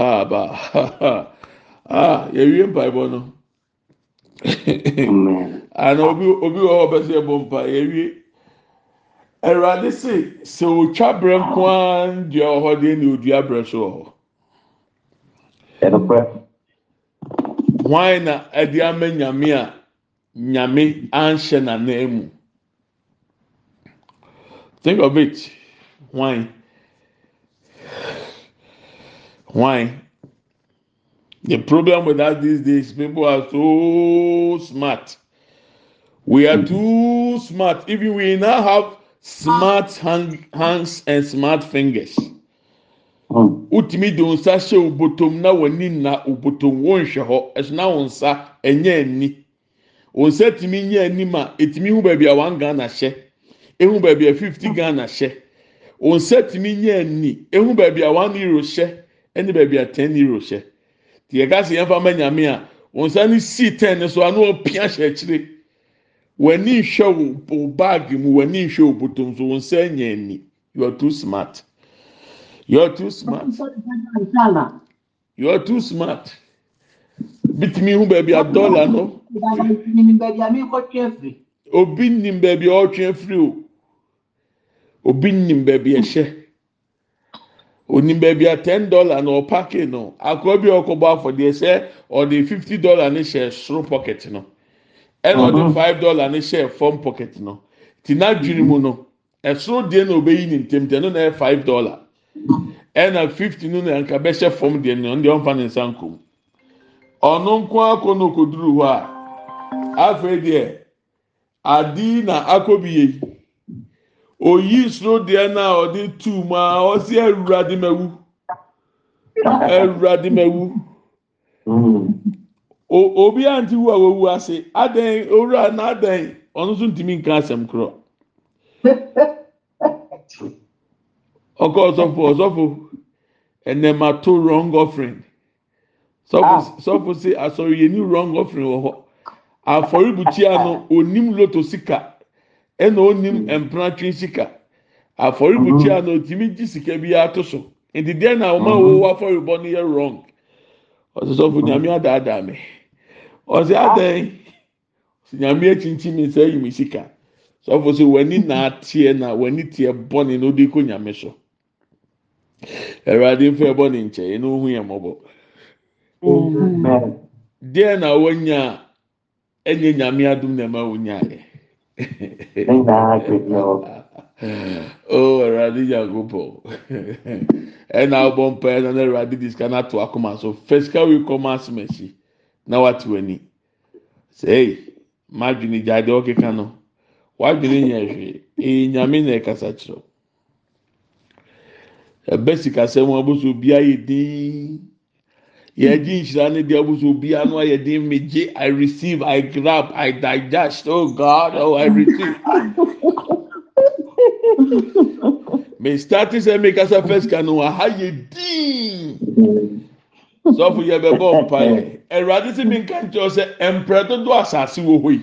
aba a ah, yɛwie mpaebɔ no ana obi obi wɔ hɔ ɔbɛsɛ ɛbɔ mpa yɛwie awurade se sɛ otwa brɛ nko ara ndua wɔ hɔ deɛ ne odua brɛ so wɔ hɔ hwan na ɛde ama nyame a nyame anhyɛ n'anan mu think of it hwan. Why? The problem with us these days, people are so smart. We are too smart. Even we now have smart hand, hands and smart fingers. Hmm. utimi de nsa hyɛ obotom na w'ani na obotom wonhwɛ hɔ ɛso na wɔn nsa ɛnyɛ ani wɔn nsa tumi nyɛ anim a etumi hu baabi a one ghana hyɛ ehu baabi a fifty ghana hyɛ wɔn nsa tumi nyɛ ani ehu baabi a one euro hyɛ ɛne baabi a 10e hyɛ nti yɛgase yɛmfamɛ nyame a wo sa no sii 10nne so a ne opia hyɛkyire wani nhwɛ wowo bag mu wani nhwɛ wo botom so wo sa nya ani toua t smart bitumi hu baabi a dɔlar no obi nnim baabi a ɔtwea firi o obi nim baabiɛhyɛ onim baabi a ten dollar na ɔpaaki no akɔrɔ bi a ɔkɔbɔ afɔdeɛ sɛ ɔde fifty dollar ne hyɛ soro pocket no ɛna ɔde uh-huh. five dollar ne hyɛ pocket no ti n'adwiri mu no ɛsoro e deɛ na ɔbɛyi ne ntɛm tɛ no na yɛ e five dollar ɛna fifty no na nka bɛhyɛ fam deɛ no ɔno deɛ ɔmfa ne nsa nkom ɔno nko akɔ na a afei deɛ adi na akɔ bi oyi soro deɛ na ɔde tu mu a ɔsi ɛwura di ma wu ɛwura di ma wu obi a nti wu a wawu ase adan owura na adan ɔno nso ntumi nka asɛm korɔ ɔkɔ ɔsɔfo ɔsɔfo ɛnɛmato wrong offering sɔfo sɔfo si asɔre yɛ ni wrong offering wɔ hɔ afɔribukyia no onim loto sika. ɛna onim mpena twe sika afɔribukyia mhm. na otimi gye sika bi ato so na a mhm. wɔwɔ afɔribɔ no yɛ wrong ɔsosɔfo nyame mhm. adaadaa mi ɔsi ah. adan nyame mi sika sɔfo w'ani na ateɛ na w'ani teɛ bɔne na odi ko nyame so ɛwurade nfa ɛbɔ ne nkyɛn yɛ mɔbɔ deɛ na wɔnya ɛnyɛ nyame adum na ɛma wɔnya yɛ. ne nyinaa agbedi hɔ. oh awurade yankopɔ ɛna abɔ mpaeɛ na na awurade de sika na ato akoma so fesika wi kɔma asemɛsi na wate w'ani sɛɛ madwene gya deɛ ɔkeka no wadwene nyɛ hwee ee nyame na ɛkasa kyerɛw ɛbɛ sikasɛm aboso bia yɛ dinn. yɛagye nhyira no de b so obia no ayɛden megye i receive i grab i dijust oh g oh, mestate sɛ mekasa firsika nohaha yɛ dii sɛfo yɛbɛbɔ mpa wurade sɛ menka nkyɛɛw sɛ mprɛdodoɔ asase wɔ hɔ i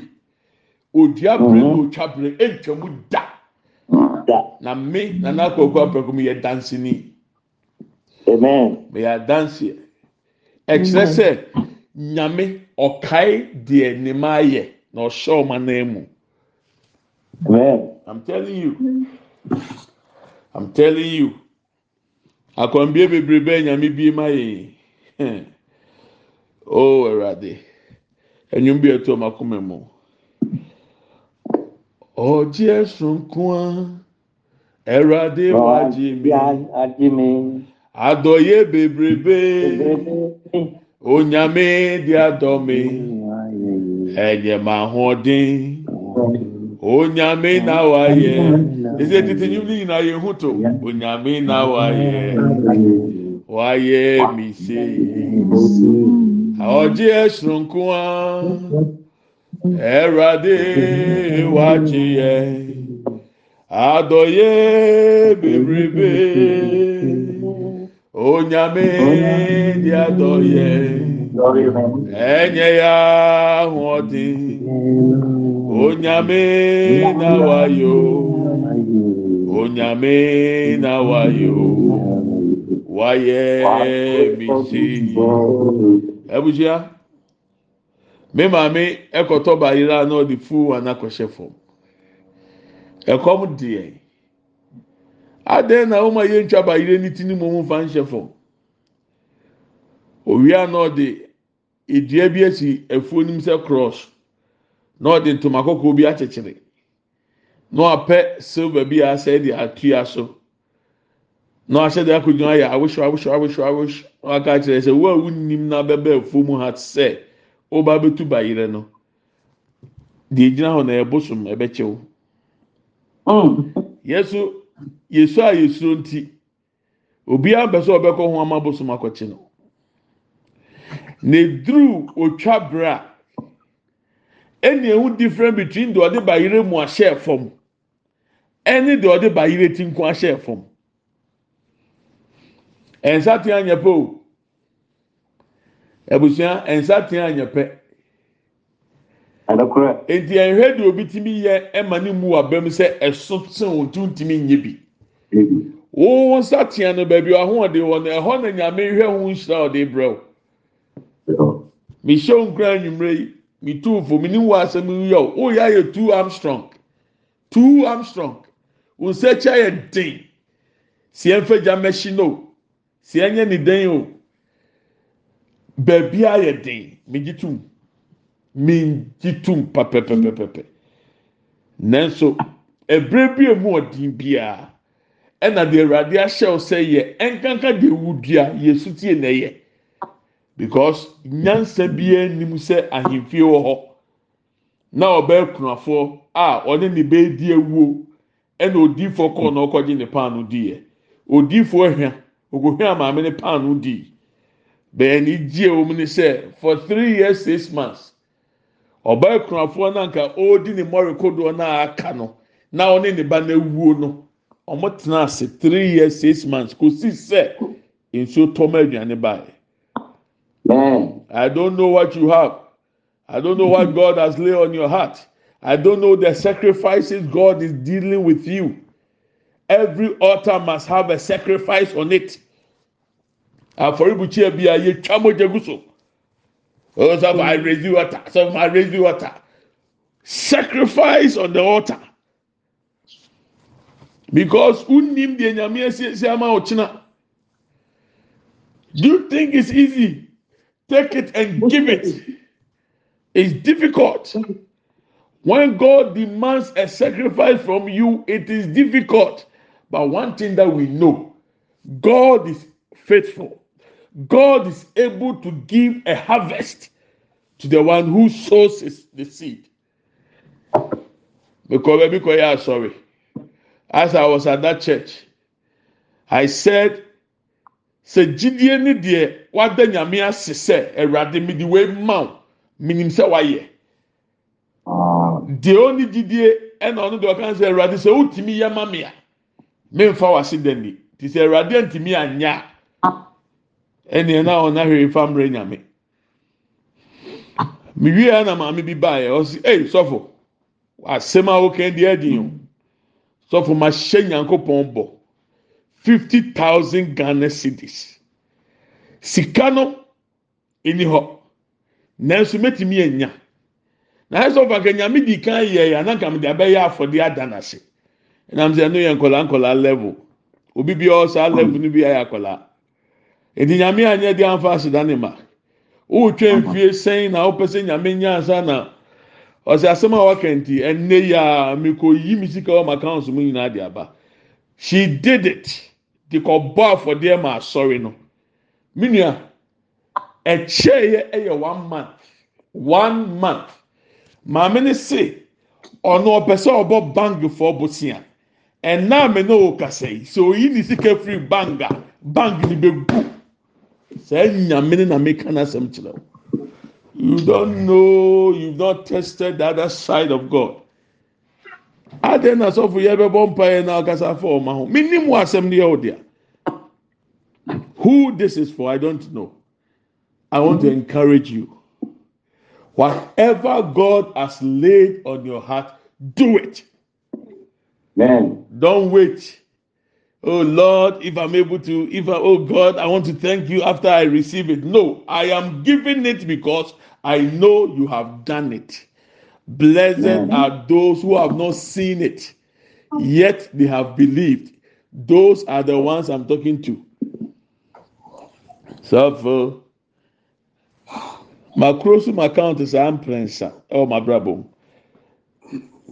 dua brɛotwabrɛ mhm. ntwam da na me nan'kkuapɛkmyɛdanseniiyɛdnseɛ ɛkyerɛ sɛ nyame ɔkae deɛ ne ma ayɛ na ɔhyɛ ɔma nan mu i'm telling you i'm telling you akɔnbie bebree bɛyɛ nyame bie ma yɛ yi oh ɛwurade ɛnum bi ɛto ɔmo akoma mu ɔgye ɛsonkua ɛwurade wagye mi. adọye bebrebe onyame dị adọmi enyem ahoɔden onyame na wayɛ ese tete nyim ne nyinaa yɛ ho to onyame na wayɛ wayɛ mi se ɔgye ɛsoronko a ɛwurade wagye yɛ adọye bebrebe. onyame dị adọ ya enye ya ahụọdị onyame na wayo onyame na wayo waye misi ebusua me maame ɛkɔtɔ bayira na ɔde fuu anakɔhyɛ fam ɛkɔm dị. adịn na ụmụ ihe ncha banyere n'iti n'ime ụmụ mfa nchefọ owia na ọdị idua bi esi efuo n'im sị krọs na ọdị ntoma kọkọọ bi akyekyere na ọpɛ silva bi a asɛ atụ ya so na ɔhyɛ de akonnwa ayɛ awosow awosow awosow awosow ɔaka kyerɛ sɛ wo a wunim na bɛbɛ efuo mu ha sɛ ɔba abɛtu banyere no dị egyina hụ na ɛbosom ɛbɛkyew yesu. yesu a yesuro nti obiara bɛ sɛ ɔbɛkɔ ho ama bosom akɔkye no na otwa bra ɛna ehu different between deɛ ɔde bayere mu ahyɛ fam ɛne deɛ ɔde bayere ti nko ahyɛ fam ɛnsa tea nyɛ pɛ o abusua ɛnsa tea nyɛ pɛ nti ɛhwɛ de obi tumi yɛ ɛma ne mu abɛm sɛ ɛso sen o tu ntumi nye bi mm-hmm. wɔn nsa tia no baabi ahoɔden wɔ no ɛhɔ na nyame hwɛ ho nhyira ɔde brɛ o mehyɛ nkura nwumire yi me tu fo me ni wo asɛm yi yɛ o o yɛ ayɛ two armstrong two armstrong wɔn nsa kyɛ yɛ den si ɛnfɛ gya mɛhyi no si ɛnyɛ ne den o baabi ayɛ den me gyi tum. mengye tom papɛpɛpɛpɛ nanso ɛberɛ bia mu ɔden biaa ɛna deɛ awurade ahyɛwo sɛ yɛ ɛnkanka deɛ wu dua yɛsutie na ɛyɛ because nyansa biaa nim sɛ ahemfie wɔ hɔ na ɔbɛyɛ kunafoɔ a ɔne ne bɛɛdi awuo ɛna odiifoɔ kɔɔ na ɔkɔgye ne paano diiɛ odiifoɔ hwa okohwa maame ne paano dii bɛyɛ ne gyie wɔm ne sɛ for three years six months ɔbaa kunafoɔ no ɔredi ne mmɔre kodoɔ no aka no na ɔne ne ba no awuo no wɔn tena ase three years six months kò si sɛ nsuo tɔm aduane baeɛ. I don't know what you have. I don't know what God has laid on your heart. I don't know the sacrifices God is dealing with you. Every altar must have a sacrifice on it. Afɔribukyia bi a yɛ twa mogya gu so. Oh, some mm. I raise the water. so I raise the water. Sacrifice on the altar. Because unim the enyamia Do you think it's easy? Take it and give it. It's difficult. When God demands a sacrifice from you, it is difficult. But one thing that we know God is faithful. God is able to give a harvest to the one who sows the seed. Because baby, I'm sorry. As I was at that church, I said, sɛ gyidie ni deɛ wada nyame ase sɛ awurade mi de wei ma wo minim sɛ wayɛ deɛ ɔni gyidie ɛna ɔno deɛ ɔka sɛ awurade sɛ wotumi yɛ ma mia memfa wase dani ti mi awurade ntumi anya ɛnneɛ na ɔna hwee fa mmerɛ nyame mewie na maame bi baeɛ ɔsi ei sɔfo asɛm a wokan deɛ adi o sɔfo mahyɛ nyankopɔn bɔ fifty thousand ghana cedis sika no ɛni hɔ nanso mɛtumi anya na ayɛ sɔfo anka nyame di kan yɛ yɛ ananka mede abɛyɛ afɔdeɛ ada n'ase ɛnam sɛ ɛno yɛ nkɔla nkɔla level obi bi ɔwɔ saa level no bi ayɛ akɔla. nti nyame anyɛ de anfa aseda ne ma wotwa mfie sɛn na wopɛ sɛ nyame nyansa na ɔsɛ asɛm a waka nti ɛnɛ yi a mekɔ yi mi sika wɔ m'accounts mu nyinaa de aba she did it de kɔ bɔ afɔdeɛ ma asɔre no minua ɛkyɛɛ ɛyɛ one month one month maame ne se ɔno ɔpɛ sɛ ɔbɔ bank fɔ bosia ɛnna mi ne o kasa yi sɛ oyi ne sika firi bank a bank ne bɛ gu. you don't know you have not tested the other side of God who this is for I don't know I want to encourage you whatever God has laid on your heart do it. Man, Don't wait oh Lord, if I'm able to, if I, oh God, I want to thank you after I receive it. No, I am giving it because I know you have done it. Blessed are those who have not seen it, yet they have believed. Those are the ones I'm talking to. So, my close account is I'm Oh, my bravo.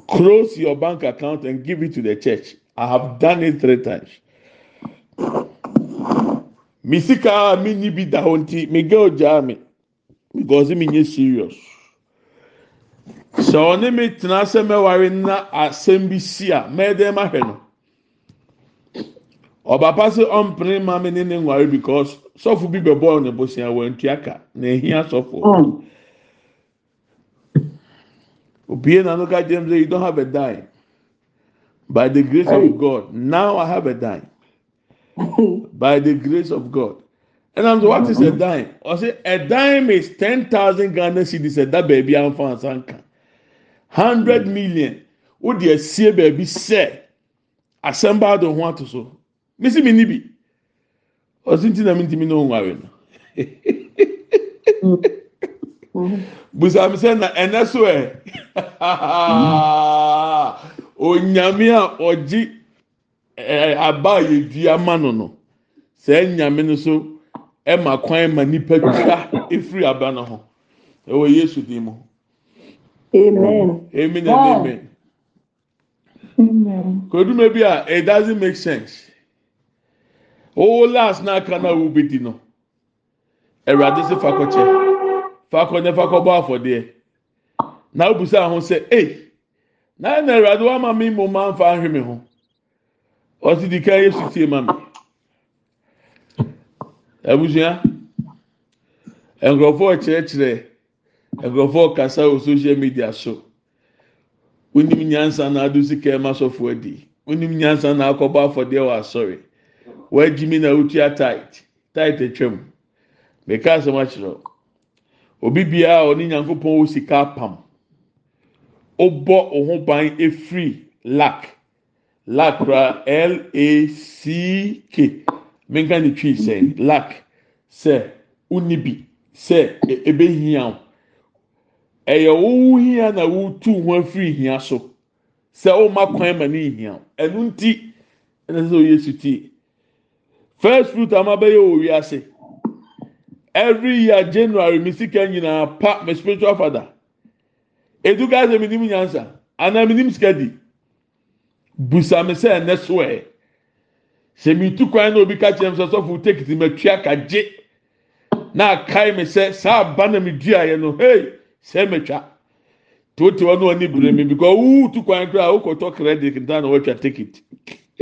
Close your bank account and give it to the church. I have done it three times. me sika a menni bi da hɔ nti me girl gyaa me because me nye serious sɛ ɔne me tena sɛ mɛware na asɛm bi si a mɛɛdɛn ma hwɛ no ɔbapa sɛ ɔmpene ma me ne ne nware because sɔfo bi bɛbɔ ne bosia wɔntua ka na ehia sɔfo obie na no ka james say e, you don't have a dime by the grace of god now i have a dime. by the grace of God. And I'm the what is a dime? I say a dime is ten thousand Ghana cedis. That baby I'm from Sanka. Hundred mm. million. O de esie baby say assemble the ho to so. Missy, mi ni bi. Ọsi ntina mi ntimi na ohun awe no. Busami sẹ na ẹnẹ so ẹ. Onyame a ọgye aba a yɛdi ama no no saa nyame no so ma kwan ma nipa twa efiri aba no ho ɛwɔ yesu din mu amen amen amen koduma bi a it doesn't make sense owó last náà na náà bi di no ɛwurade sɛ fakɔkyɛ fakɔ ne bɔ afɔdeɛ na obusa ho sɛ ee na ɛna ɛwurade wa ma mi mo ma nfa ahwɛ mi ho. ɔsi di kaa yesu tie ma mi abusua nkurɔfoɔ kyerɛkyerɛ nkurɔfoɔ kasa wɔ social media so onim nyansa na adu sika ɛma sɔfoɔ adi onim nyansa na akɔbɔ afɔdeɛ wɔ asɔre wɔagyimi na otua tight tight atwam mɛka asɛm akyerɛ obi biara a ɔne nyankopɔn wɔ sika apam ɔbɔ ɔho ban efiri lack lakra l-a-c-k menka ne twi sɛ lak sɛ wonni bi sɛ e, ebehia wo ɛyɛ wowu hia na wotu ho afiri hia so sɛ woma kwan ma ne hia wo ɛno nti ɛna sɛ oyɛ suti first fruit ama bɛyɛ wɔ wiase every year january mi sika nyinaa pa my spiritual father edu gaa sɛ mi nim nyansa anaa mi nim sika di busame sɛ ɛnɛ so ɛ sɛ mitu kwan na obi ka kyerɛ me sɛ sɔfo tekiti ma tua ka gye na akae me sɛ saa aba na me dua yɛ no hei sɛ ma twa toote wɔn na wɔne bere mi because wuu tu kwan kora a wokɔtɔ credit ntaa na wɔatwa tekiti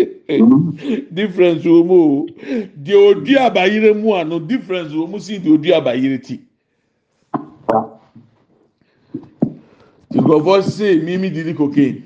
difference wɔ mu o deɛ odi abayere mu ano difference wɔ mu si deɛ odi abayere ti nkurɔfoɔ se mimi di ni cocaine.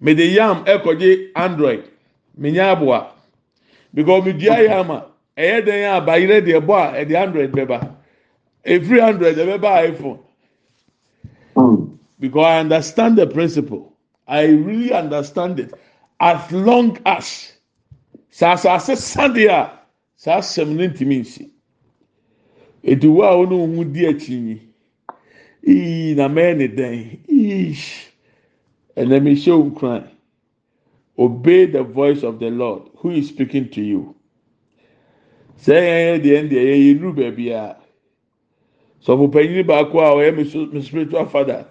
mede yam ɛkɔgye android menya aboa because medua yam eh, eh, a ɛyɛ dɛn a bayerɛ deɛ bɔ a ɛde android eh, bɛba efiri android ɛbɛba iphone hmm. because i understand the principle i really understand it as long as saasaase sadeɛ a saa asɛm ne ntumi nsi etu wo a wɔn ohun di akyi e, yi na mɛyɛ ne dɛn iish. And let me show you kran obey the voice of the lord who is speaking to you sɛ yɛn yɛ deɛ deɛ yɛ yɛ nuru baabi a sɔfopanyini baako a ɔyɛ mi spiritual father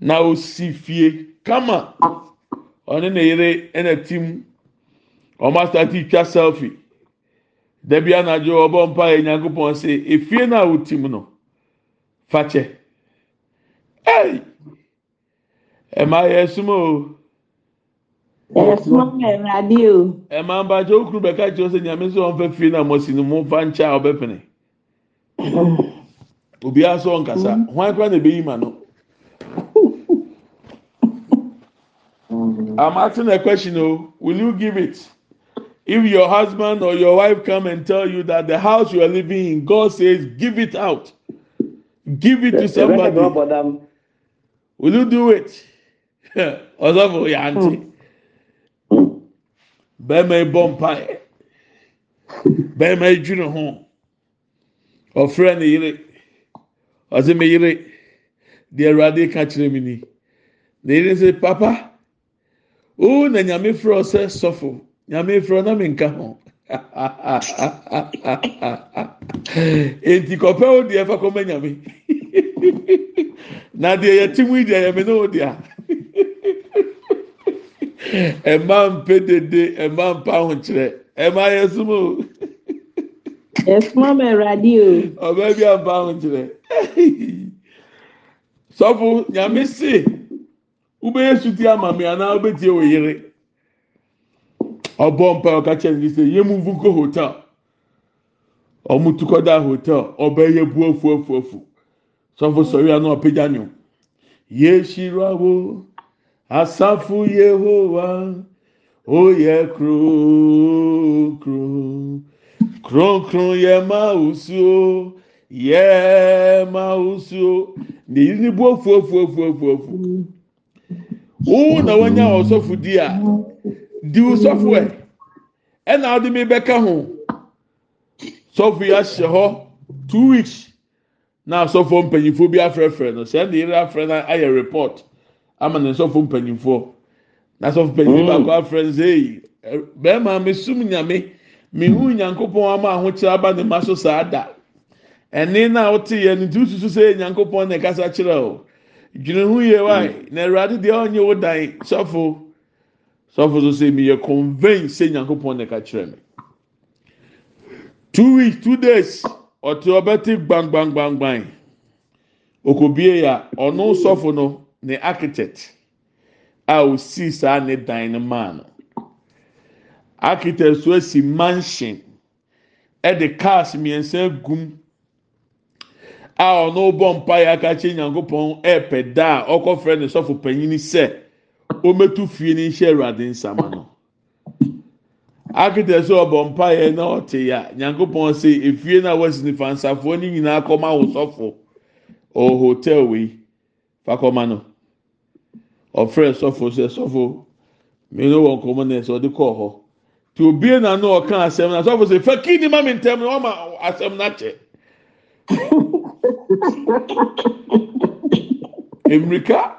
na osi fie kama ɔne ne yere ɛna ti mu ɔmo asate twa selfie dabi anadwo ɔbɔ mpa yɛ nyankopɔn se efie na a wotim eh. no Fache. Hey! ẹ má yẹ súnmọ́ o. ẹ súnmọ́ ẹ̀rọ adé o. ẹ máa ń bàjẹ́ okùn bẹ́ẹ̀ ká jọ ṣe nyàmé sọ wọn fẹ́ fi náà mọ̀ sí ni mo fa ń ṣá ọbẹ̀ pẹ̀lẹ́. òbí á sọ nkàsá wọn kúrò ní ebéyìí mà nù. I'm asking a question o will you give it if your husband or your wife come and tell you that the house you are living in God says give it out give it to somebody will you do it. ọsọfọ yà á ntì hmm. bẹẹma bọ mpa yẹ bẹẹma dwene ho ọfrẹ ne yere ọsẹ mi yere deɛ awurade ka kyerɛ mi ni na yere sɛ papa oo na nyame frɛ ɔsɛ sɔfo nyame frɛ ɔna mi nka ho eti kɔpɛ o deɛ fa kɔmɛ nyame na deɛ yɛ ti mu yi deɛ mi ne o deɛ. ɛma mpe dede ɛma mpa ahokyerɛ ɛma yɛ sum o. ɛfuma mɛ ɛwurade o. ɔbɛ bi ampa ahokyerɛ sɔfo nyame se wobɛyɛ suti ama mi anaa wobɛtie wɔ yere ɔbɔ mpa ɔka kyerɛ ne sɛ hotel ɔmo hotel ɔbɛyɛ sọrọ asafo yehowa oyɛ kurokuro kronkron yɛ ma osuo yɛ ma osuo ne yi ni bu ofu ofu ofu ofu ofu wo na wanya ɔsɔfo di a di osɔfo ɛ ɛna ɔde mi bɛka ho sɔfo yi ahyɛ hɔ two weeks na asɔfo mpanyinfo bi afrɛfrɛ no sɛ ɛna yɛrɛ afrɛ na ayɛ report. ama ne nsɔfo mpanyinfoɔ na sɔfo mpanyinfoɔ mm. baako afrɛ nse yi bɛrima mesum nyame mehu nyankopɔn ama ahokyere aba ne ma so saa da ɛne na ɔte yɛ ne tu susu sɛ nyankopɔn na ɛkasa kyerɛ o dwene ho yie wae mm. na awurade deɛ ɔnyɛ wo dan sɔfo sɔfo so sɛ meyɛ convain sɛ nyankopɔn na ɛka kyerɛ me two weeks two days ɔte ɔbɛte gbangbangbangbang okobie ya ɔno sɔfo no. ne architect a osi saa ne dan no maa no architect so asi mansion ɛde cars mmiɛnsa gum a ɔno bɔ mpa yɛ aka kye nyankopɔn ɛɛpɛ da a ɔkɔfrɛ ne sɔfo panyin sɛ ɔmɛtu fie ne nhyɛ awurade nsama no architect so ɔbɔ mpa yɛ na ɔte ya nyankopɔn sɛ efie na wɔsi nifa nsafoɔ ne nyinaa kɔma wosɔfo ɔwɔ hotel wei fakɔma no. ɔfrɛ sɔfo sɛ sɔfo mmienu wɔ nkɔmɔ na ɛsɛ ɔde kɔɔ hɔ te obie na no ɔka asɛm na sɔfo sɛ fɛki ni ma mi ntɛm na ɔma asɛm na kyɛ mmirika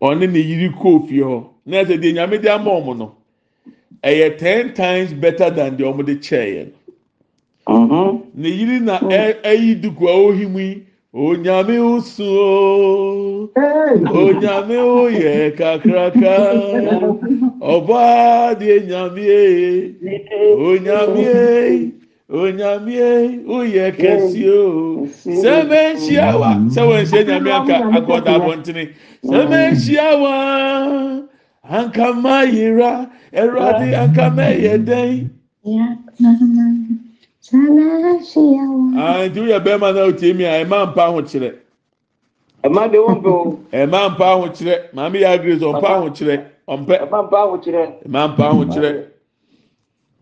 ɔne ne yiri kɔɔ hɔ na ɛsɛ deɛ nyame de ama ɔmo no ɛyɛ ten times better than deɛ ɔmo de kyɛɛ yɛ no ne mm-hmm. yiri na ɛyi mm-hmm. duku a ɔhim yi. onyame usuo onyame uyɛ kakraka ɔbaadeɛ nyamie onyamie onyamie o kɛseɛ sɛmɛnhyia wa sɛ wɔnhyia nyame anka akɔda abɔntene sɛmɛnhyia wa anka mayera ɛwurade anka mɛyɛ dɛn. Ah, ntiwoyɛ bɛrima na otie mi a ɛma mpa ho kyerɛ ɛma de wɔn pɛ o ɛma mpa ho kyerɛ maame yɛ agiri sɛ ɔmpa ho kyerɛ ɔmpɛ ɛma mpa ho kyerɛ ɛma mpa ho kyerɛ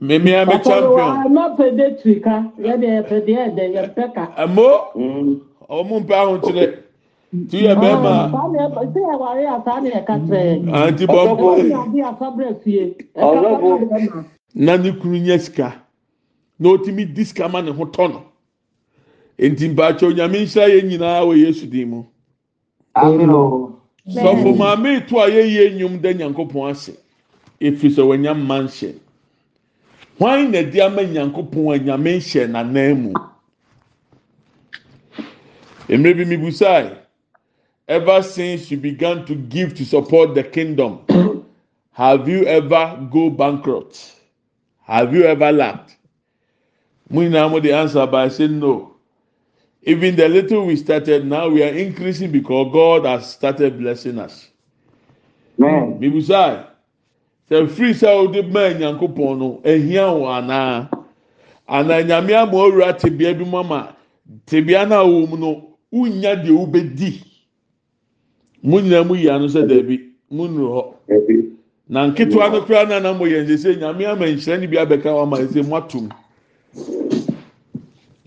mímí a mi champion papa wa ɛma pɛ de tiri ka yɛde yɛpɛ de yɛde yɛpɛ ka ɛmo mm. ɔmo mpa ho kyerɛ ti oh, yɛ ah, bɛrima ti yɛ wari asa ni ɛka kyerɛ anti bɔnbɔn ɔlɔbɔ na ne kunu nyɛ sika. na otumi di ne ho tɔ nti mpatsɛ onyame nhyira yɛ nyinaa wɔ yesu din sɔfo maame to a yɛyɛ nnwom dɛ nyankopɔn ase efiri sɛ wɔnya mma nhyɛ hwan na ɛde ama nyankopɔn a nhyɛ n'anan mu mmerɛ bi mi busae ever since you began to give to support the kingdom have you ever go bankrupt have you ever lacked mo nyinaa mo de answer by saying no even the little we started now we are increasing because God has started blessing us. bibusa sɛ firi sɛ ɔde maa nyankopɔn no ehia wɔ anaa ana nyame ama owura tebea bi mu ama tebea no a wɔwɔ mu no wunya deɛ wobɛdi mo nyinaa mo yi ano sɛ dɛbi mo nuru hɔ na nketewa no kura na na mo yɛn sɛ nyame ama nhyɛn bi abɛka wɔn ama ɛsɛ mo atum.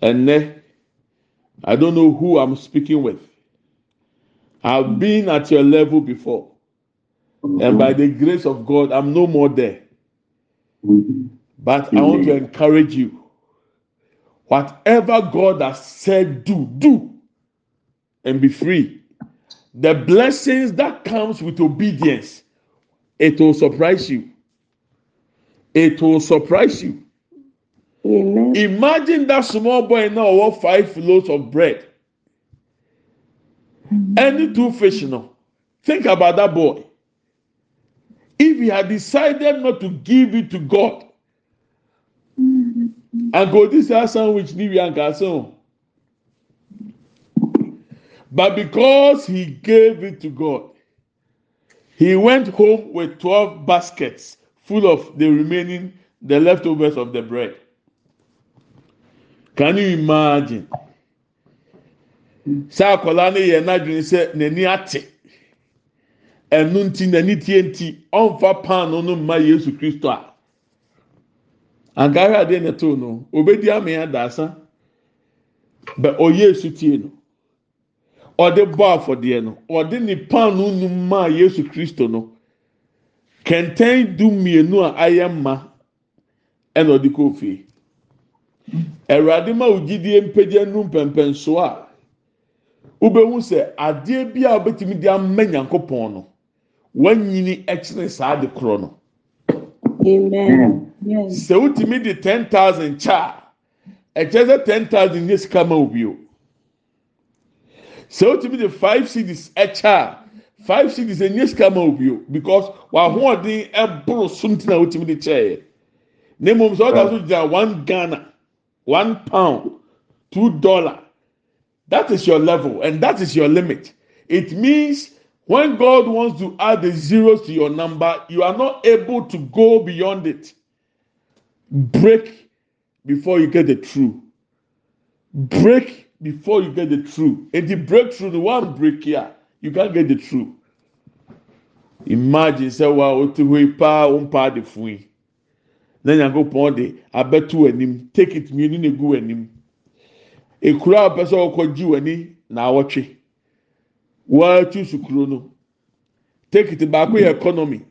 ɛnɛ i don't know who i'm speaking with i've been at your level before and by the grace of god i'm no more there but i want to encourage you whatever god has said do do and be free the blessings that comes with obedience it will surprise you it will surprise you Amen. Imagine that small boy now what five loaves of bread. Any two fish now. Think about that boy. If he had decided not to give it to God, mm-hmm. and go this sandwich ni we and but because he gave it to God, he went home with 12 baskets full of the remaining, the leftovers of the bread. Can you imagine? Saa akwadaa no yɛ n'adwene sɛ n'ani ate. Ɛnu nti n'ani tie nti ɔnfa paano no mma Yesu Kristo a. Agare adeɛ na ɛtoo no, obedi ame adaasa. Bɛ ɔyɛ esu tie no. Ɔde bɔ afɔdeɛ no. Ɔde ne paano no mma Yesu Kristo no. Kɛntɛn du mmienu a ayɛ mma ɛna ɔde kɔ awurade ma wo gyidie mpagya nu mpɛmpɛnso a wobɛhu sɛ adeɛ bi a wobɛtumi de ama nyankopɔn no wanyini kyene saa de korɔ no sɛ wotumi de ten thousand kyɛ a ɛkyɛ sɛ ten thousand nye sika ma obi o sɛ wotumi de five cities ɛkyɛ five cities enye sika ma obi o because w'ahoɔden ɛboro so ntina wotumi de kyɛɛ ne mu sɛ ɔda so gyina one ghana one pound, two dollar. That is your level and that is your limit. It means when God wants to add the zeros to your number, you are not able to go beyond it. Break before you get the true. Break before you get the true. And the breakthrough, the one break here, you can't get the true. Imagine say, wow, what to pa, um pa de fui. na nyankopɔn de abɛto w'anim take it mmienu na egu w'anim ekuro a wɔpɛ sɛ wɔkɔgye w'ani na awɔtwe wɔatu sukuro no take it baako yɛ economy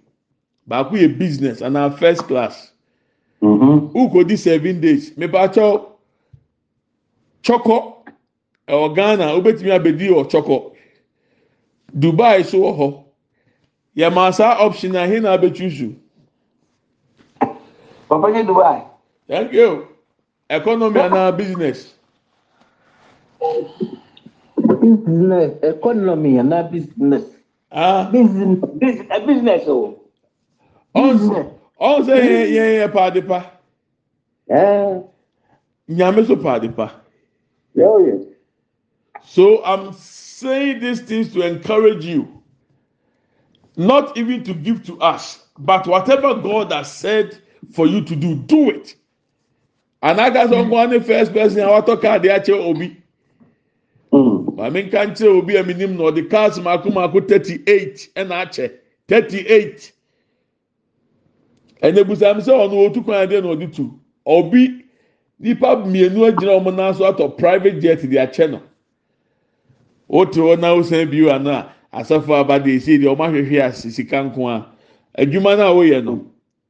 baako yɛ business anaa first class mm-hmm. di seven days mipatsɛ kyɔkɔ ɛwɔ ghana wobɛtumi abɛdi wɔ kyɔkɔ dubai so wɔ hɔ yɛ maa saa option na hin na abɛtusu. Papa nye Dubai. Thank you. Economy and uh, business. Business, economy and uh, business. Ah. Business, business, uh, business Oh, o. Ọ̀sẹ̀ yeah, yeah, yẹ yẹ Yeah. Nyame so paadipa. Oh, so I'm saying these things to encourage you, not even to give to us, but whatever God has said. for you to do do it anaka sọ nko ne first person a watɔ kaa de akyɛ obi maame mm. nka obi a minim na ɔde cars mako mako thirty eight ɛna akyɛ thirty eight ɛnna ebusam sɛ oh, ɔno otu kwan adi na ɔde tu obi nipa mmienu agyina wɔn nan so atɔ private jet de akyɛ no wotu hɔ na wosan bi wa no asafo aba esi deɛ ɔmo ahwehwɛ asisi kanko a adwuma no a wɔyɛ no.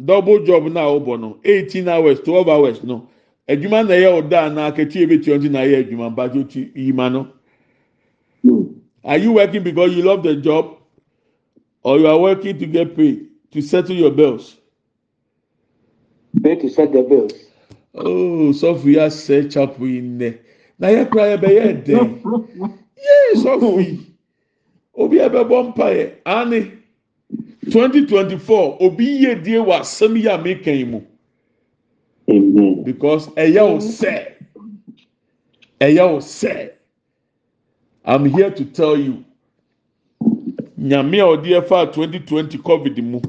double job na wobɔ no eighteen hours twelve hours no adwuma na ɛyɛ ɔda na akatua ebetua ɔdi na ɛyɛ adwuma mpatsɛ oti yima no hmm. are you working because you love the job or you are working to get paid to settle your bills. pay to settle the bills. oh sọfù yà sẹ chapu yìí nẹ na yẹ kura yẹ bẹ yẹ dẹ yẹ sọfù yìí obi ẹ bẹ bọ mpa yẹ ani. 2024, twenty four obi yie die wɔ asɛm yi a mi kɛn mu because ɛyɛ o sɛ ɛyɛ o sɛ i'm here to tell you nyame a ɔde ɛfa twenty covid mu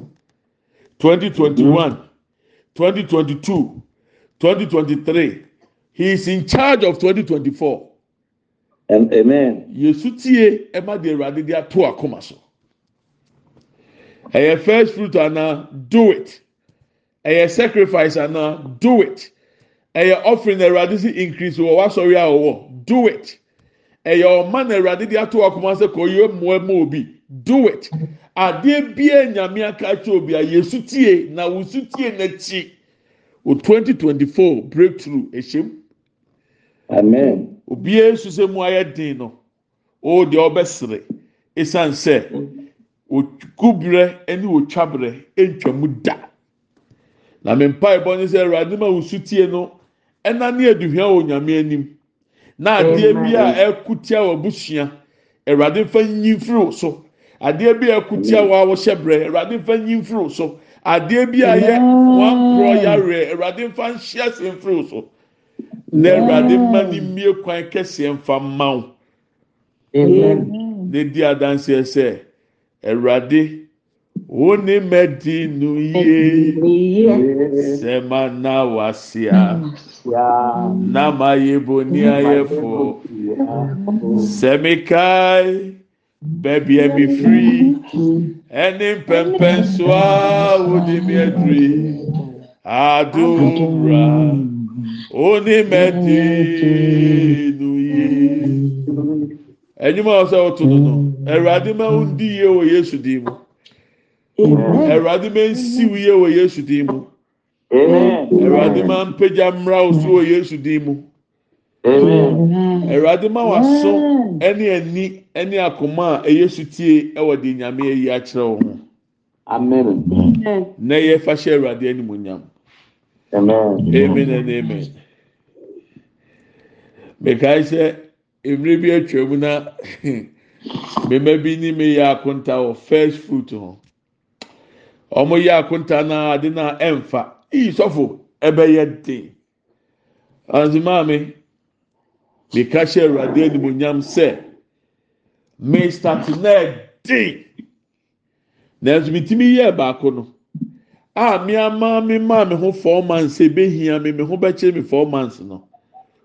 2021, 2022, 2023. he is in charge of 2024. twenty amen. yesu tie ẹ ma de ẹwurade de ato akoma so. A first fruit ana do it A sacrifice ana do it A offering a si increase wɔ wasɔre a wɔwɔ do it A your na ɛwurade de ato ɔkoma sɛ kò yɛ mmoa mu obi do it A bia nyame aka kyerɛ obi a yesu tie na wosu tie o 2024 breakthrough ehyɛm amen obi esu sɛ mu no o di obesre Isanse. sɛ. ogubrɛ ɛne otwabrɛ ɛntwam da na me mpaebɔ ne sɛ awurade ma wo sutie no ɛna ne aduhua wɔ nyame anim na adeɛ bi a ɛkutia wɔ abusua awurade fa nyi mfiri so adeɛ bi a ɛkutia wɔ awɔhyɛ brɛ awurade fa nyi mfiri so adeɛ bi a yɛ wɔn akorɔ yare awurade fa nhyia se mfiri so na awurade ma ne mmie kwan kɛseɛ mfa mma ne di adanseɛ sɛ. awurade wo nemadi no ye sɛ mana wasea mm. na mayebonia mm. yɛfoɔ sɛ mekae bɛbia me fri ɛnempɛmpɛn soa wo de mi aduri adomra wonemdi no enyim a ɔsɛ ɔto no no awurade ma ho di yie wɔ yesu din mu awurade ma nsiw yie wɔ yesu din mu awurade ma mpagya mmra wo wɔ yesu din mu awurade ma waso ɛne ani ɛne akoma a ɛyɛ sutie ɛwɔ de nyame ayi akyerɛ wɔn ho na yɛ fa hyɛ awurade anim nyam amen and amen mekae sɛ. mmiri bi atwa mu na mmemme bi n'ime yɛ akonta wɔ first fruit ho wɔn yɛ akonta na ade na mfa iyi sɔfo ɛbɛyɛ den anzi maame mika hyɛ awurade animonyam sɛ mista tenaa den nanso mi ti mi yɛ baako no a mi ama mi maa mi ho four months ebehia mi mi ho bɛkyerɛ mi four months no.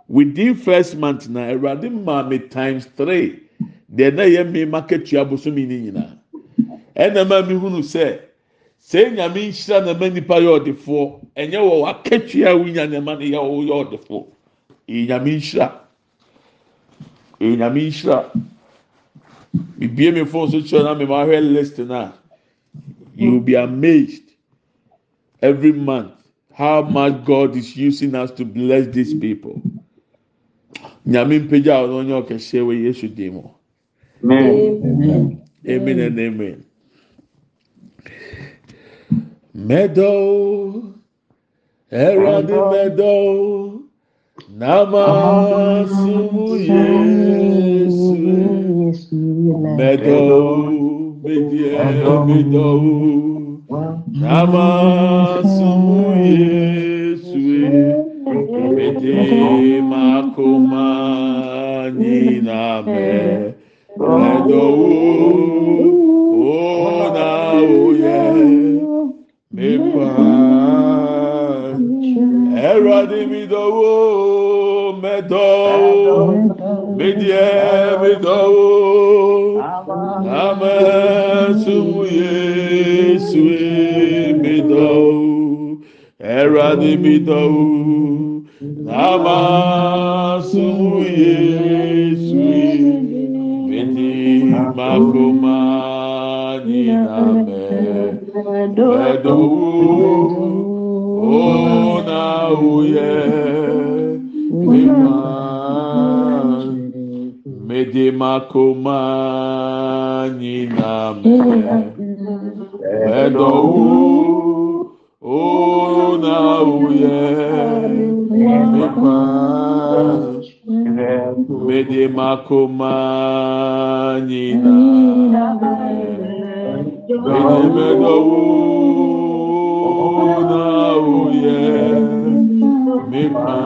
within first month na awurade maame times three deɛ na yɛ mme maketua bosomi ne nyinaa ɛna maa mi hunu sɛ sɛ nyame nhyira na ma nipa yɛ ɔdefoɔ ɛnyɛ wɔ waketua a wonya na ma no yɛ ɔwɔ yɛ ɔdefoɔ nyame nhyira nyame nhyira bibie mi phone so kyerɛ na mi ma hwɛ list na you will be amazed every month how much God is using us to bless these people. yamimpezanɔnyksee yesu dmɔ emnnm med md mmy msmyesum comanyina me medɔo onauya mepac eradi midoo medoo medie medoo adimidou namasuyesi vedimacomaniname vedou onauye ima medimacomani name edo onauyee mede macomanyina mede medounauye meba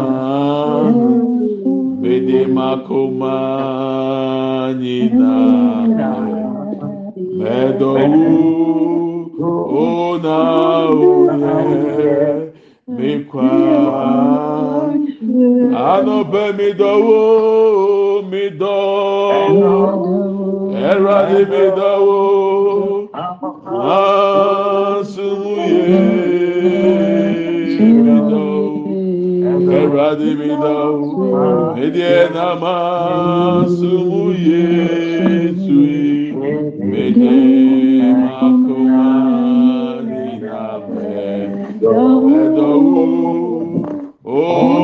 medemacomanyinaed ona oye mi kwa anobe mi dɔwo mi era ɛrɔdi mi dɔwo asumu ye mi era ɛrɔdi mi dɔwo edie nama sumu ye tui mi de ma. And òye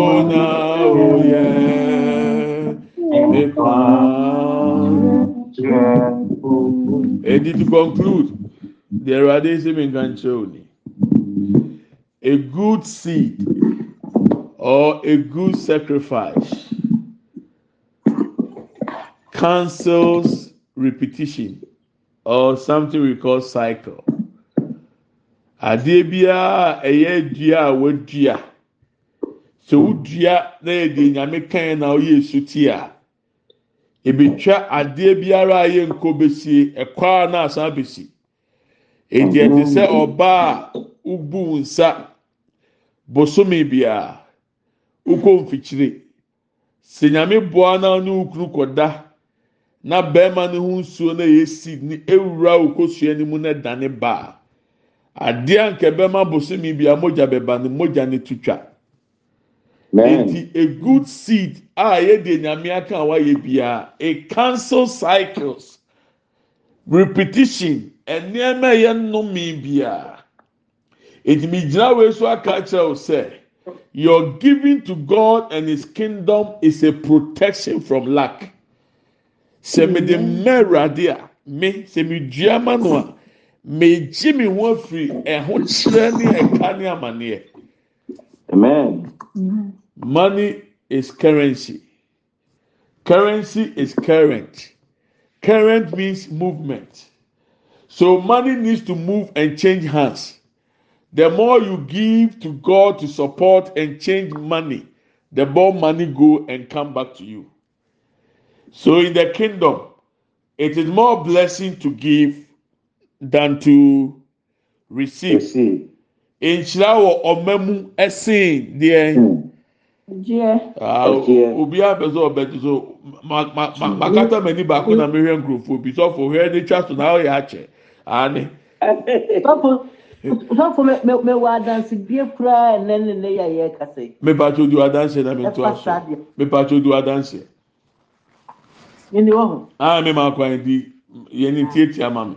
to conclude the are sẹ́mi nǹkan ṣe a good seed or a good sacrifice cancels repetition or something we call cycle. adeɛ biara a ɛyɛ dua a wadua sɛ wodua na yɛ deɛ nyame kan na ɔyɛ esu ti a ebetwa adeɛ biara a yɛ nko besie ɛkɔa na asan besi edi ɛte sɛ ɔbaa a ubu nsa bosome biara ukɔ mfikyire sɛ nyame boa na ɔne ukuru kɔda na bɛrima ne ho nsuo na yɛ seed ne ewura okosua ne mu na dane baa. adeɛ a bosomi bi a mogya bɛba ne mogya ne tutwa nti a good seed a yɛde nyame aka a wayɛ biara a cancel cycles repetition nneɛma a yɛnnome biara ètùmí gyina wei so aka kyerɛ o sɛ your giving to god and his kingdom is a protection from lack sɛ mi de mɛ awurade a mi sɛ mi dua ma no a megye me ho afiri ɛho kyerɛ ne ɛka ne amaneɛ amen money is currency currency is current current means movement so money needs to move and change hands the more you give to god to support and change money the more money go and come back to you so in the kingdom it is more blessing to give than to receive. nhyira wɔ ɔma mu ɛsen deɛ. Hmm. Ah, obi abɛ sɛ ɔbɛti so hmm. makata m'ani baako hmm. na mehwɛ nkurɔfoɔ bi sɔfo hwɛ ne twa so na ɔyɛ akyɛ ane. sɔfo mewɔ adansi bie kura ɛnɛ ne ne yɛ yɛ kasa yi. mepatro di adansi na mento aso mepatro di adansi. yɛn ni wɔ ho. aa mi maa kwan di yɛn ni tie tie ama mi.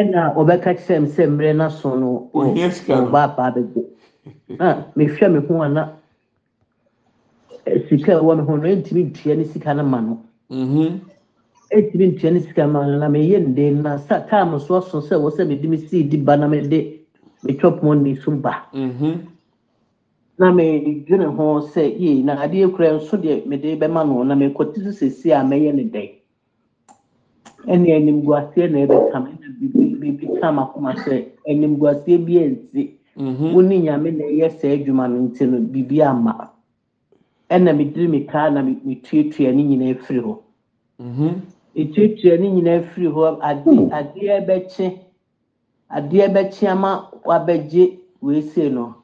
ɛna ɔbɛka kyerɛ m sɛ mmerɛ no so no ɔba apaa bɛbɔ mehwɛ me ho ana eh, sika ɛwɔ me ho no ɛntumi ntua ne sika no ma no mhm. ɛntumi ntua ne sika ma no na meyɛ ne na sa taam so aso sɛ wɔ sɛ mede me sii di ba na mede metwa pɔn ne so ba mhm. na medwene ho sɛ yei na adeɛ kura nso deɛ mede bɛma no na mekɔte so sɛsie a mɛyɛ ne dɛn ɛne animguaseɛ na ɛbɛka me na biribi ka makoma sɛ animguaseɛ bi ɛnti mhm. wo ne nyame na ɛyɛ saa adwuma no nti no biribi ama ɛna mediri me kaa na metuatua ne nyinaa firi hɔ ɛtuatua mhm. ne nyinaa firi hɔ adeɛ bɛkye adeɛ bɛkye ama wabɛgye weesei no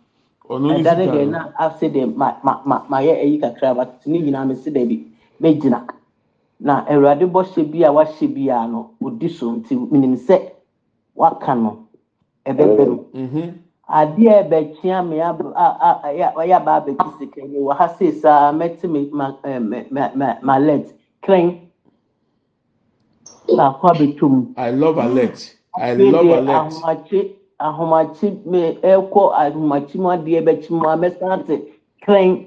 ɛda ne deɛ na ase deɛ ma ayi kakra ba ne nyinaa mesi daabi mɛgyina na awurade bɔhyɛ bi a wahyɛ biara no ɔdi so nti menim sɛ waka no ɛbɛbɛ mu mhm. adeɛ ɛbɛkyea me ɔyɛ aba abɛgye sika yi wɔ ha sei saa mɛte ma alert krɛn baako abɛtwa mu i love alert i love alert ahomakye ahomakye me ɛkɔ ahomakye mu adeɛ bɛkye mu a mɛsan te krɛn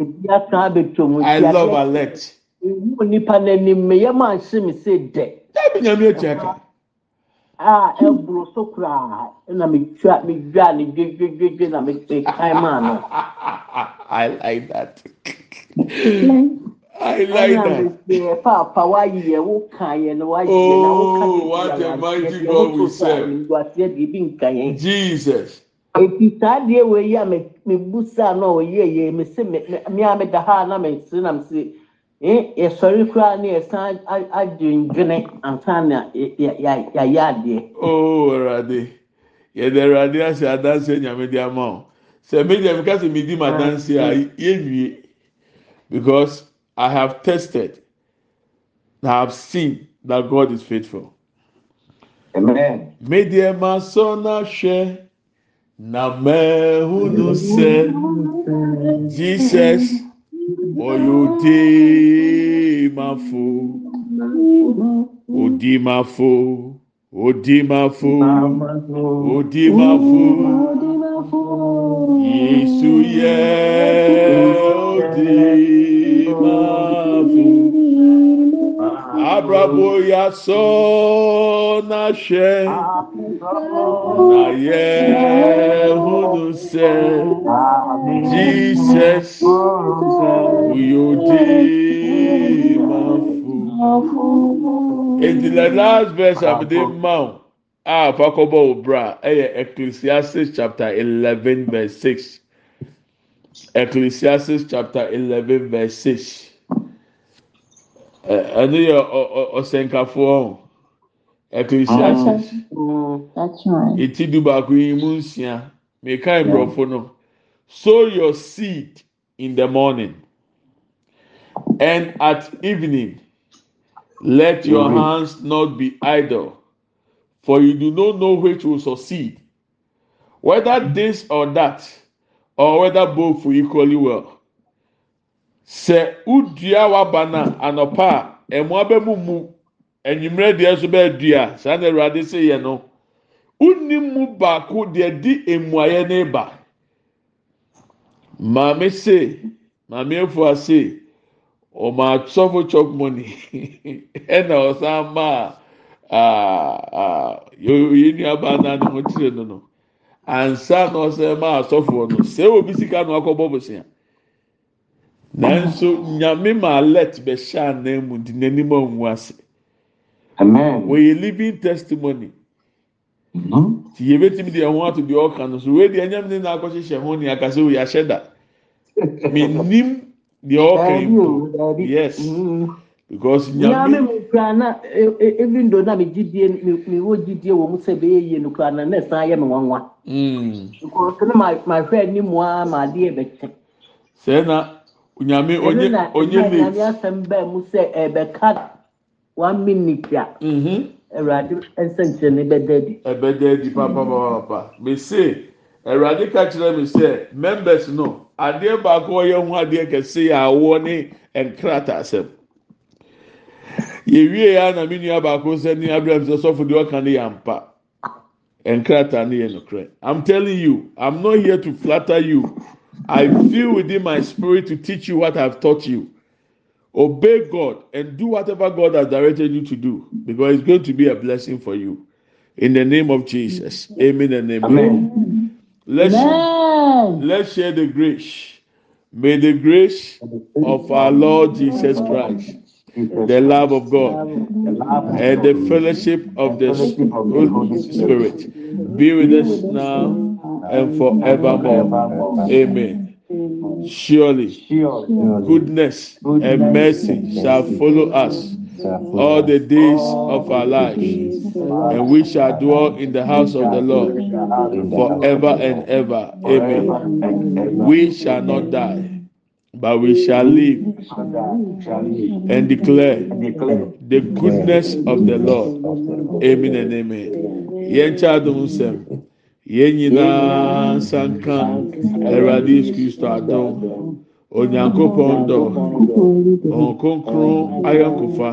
ebi aka abɛtwa mu i love alert. wu nipa n'anim meyɛ maa nhyɛ mi sɛ dɛ. Dɛbi nyame etu aka. A ɛburo so kura ɛna mi twa mi dwa ne dwedwedwedwe na mi tɛ kan maa no. I like that. I like that. Ɛna paapa wayi yɛ wo kan yɛ na wayi yɛ na wo kan yɛ. Oh, what a mighty God we serve. Ɛna wo sɛ ɛdi ebi nka yɛn. Jesus. Eti saa deɛ wei a mi busa na ɔyɛ yɛ mi se mi mi a da ha na mi se na mi se. yɛsɔre koraa ne yɛsan adwendwene ansane yyɛadeɛ oh, rade yɛde uradeɛ asɛ adanseɛ nyamedema o sɛ medeɛ meka sɛ medi m adanseɛa yɛnie because i hae tested na hae seen tha god is faithful medeɛ ma sɔ na hwɛ na mahu nu sɛ jesus oy odi mafo odimafo odimafo odimafo yisu ye odimafo abramo yaso nashe na yẹ jesus yóò di ma fo the last verse abudé mount a fakọbọ obra ẹ yẹ ecclesiastes chapter eleven verse six ecclesiastes chapter eleven verse six ẹ ẹ yẹ ọ ọ ọsẹnkafoɔ ecclesiastes eti du yi mu nsia meka eburɔfo no sow your seed in the morning and at evening let your mm-hmm. hands not be idle for you do not know which will succeed whether this or that or whether both will equally well Se udua waba anopa anɔpa a mu. enyimire deɛ nso bɛɛ dua saa na awurade se yɛ no unim mu baako deɛ di emuayɛ neba. ba maame se maame efua se ɔmo atɔfo chop money ɛna ɔsan maa aa yɛ nuaba naa ne ho kyerɛ no no ansa na ɔsɛ maa asɔfoɔ no sɛ obi sika no akɔ bɔ bosia nanso nyame ma alert bɛhyɛ anan mu di n'anim a ase. Amen. Wọ́n a living testimony. Ti yẹ bẹ́ẹ̀ tí mi di ẹ̀hún ato di ọ̀ka no so wéé di ẹ̀yẹ́m ní n'akọ ṣiṣẹ́ ẹ̀hún ni àkàṣe òye àṣẹ dà. Mi nim di ọ̀ka ìbò. Yes. Mm-hmm. Because nyame. Nyame mu kura na e, e, even though na mi jidie mi wo jidie wɔ mu sɛ bɛyɛ yie no kura na na san yɛ mi nwanwa. Nkɔso no ma hwɛ anim a ma adeɛ bɛ kyɛ. Sɛ na nyame onye onye late. Ɛnu na nyame asɛm bɛɛ mu sɛ ɛbɛka. one minute a awurade nsɛnkyerɛnne bɛda adi ɛbɛda adi papapapa mese awurade ka kyerɛ me sɛ members no adeɛ baako ɔyɛ ho adeɛ kɛse yɛ awoɔ ne nkrata asɛm yɛwie a na me nua baako sɛ ne abraham sɛ sɔfo deɛ ɔka ne yɛ ampa nkrata ne yɛ i'm telling you i'm not here to flatter you i feel within my spirit to teach you what i've taught you Obey God and do whatever God has directed you to do because it's going to be a blessing for you. In the name of Jesus. Amen and amen. amen. Let's, amen. let's share the grace. May the grace of our Lord Jesus Christ, the love of God, and the fellowship of the Holy Spirit be with us now and forevermore. Amen. Mm. Surely, goodness and mercy shall follow us all the days of our lives, and we shall dwell in the house of the Lord forever and ever. Amen. We shall not die, but we shall live and declare the goodness of the Lord. Amen and amen. yɛn nyinaa nsanka awurade yesu kristo adɔm onyankopɔn dɔ ɔn konkron ayɔnkofa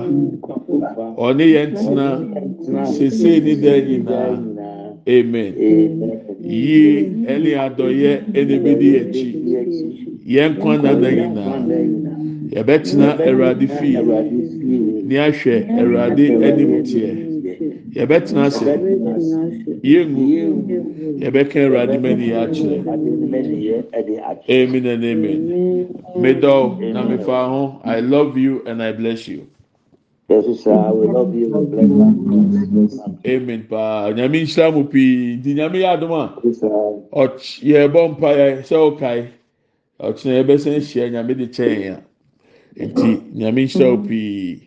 ɔne yɛn tena sesei ne dan nyinaa amen yie ɛne adɔyɛ ɛna bedi akyi yɛn kwan nana nyinaa yɛbɛtena awurade fie ne ahwɛ awurade anim teɛ. yɛbɛtena se yɛngu yɛbɛka awurade m'aniyɛ akyerɛ amennamen medɔo na mefaa ho i love you and i bless you amen paa nyame nhyira mu pii nti nyameyɛ adom a yɛ bɔmpay sɛ wokae ɔkyena yɛbɛsa ahyia nyame de kyɛa nti nyame nhyira mo pii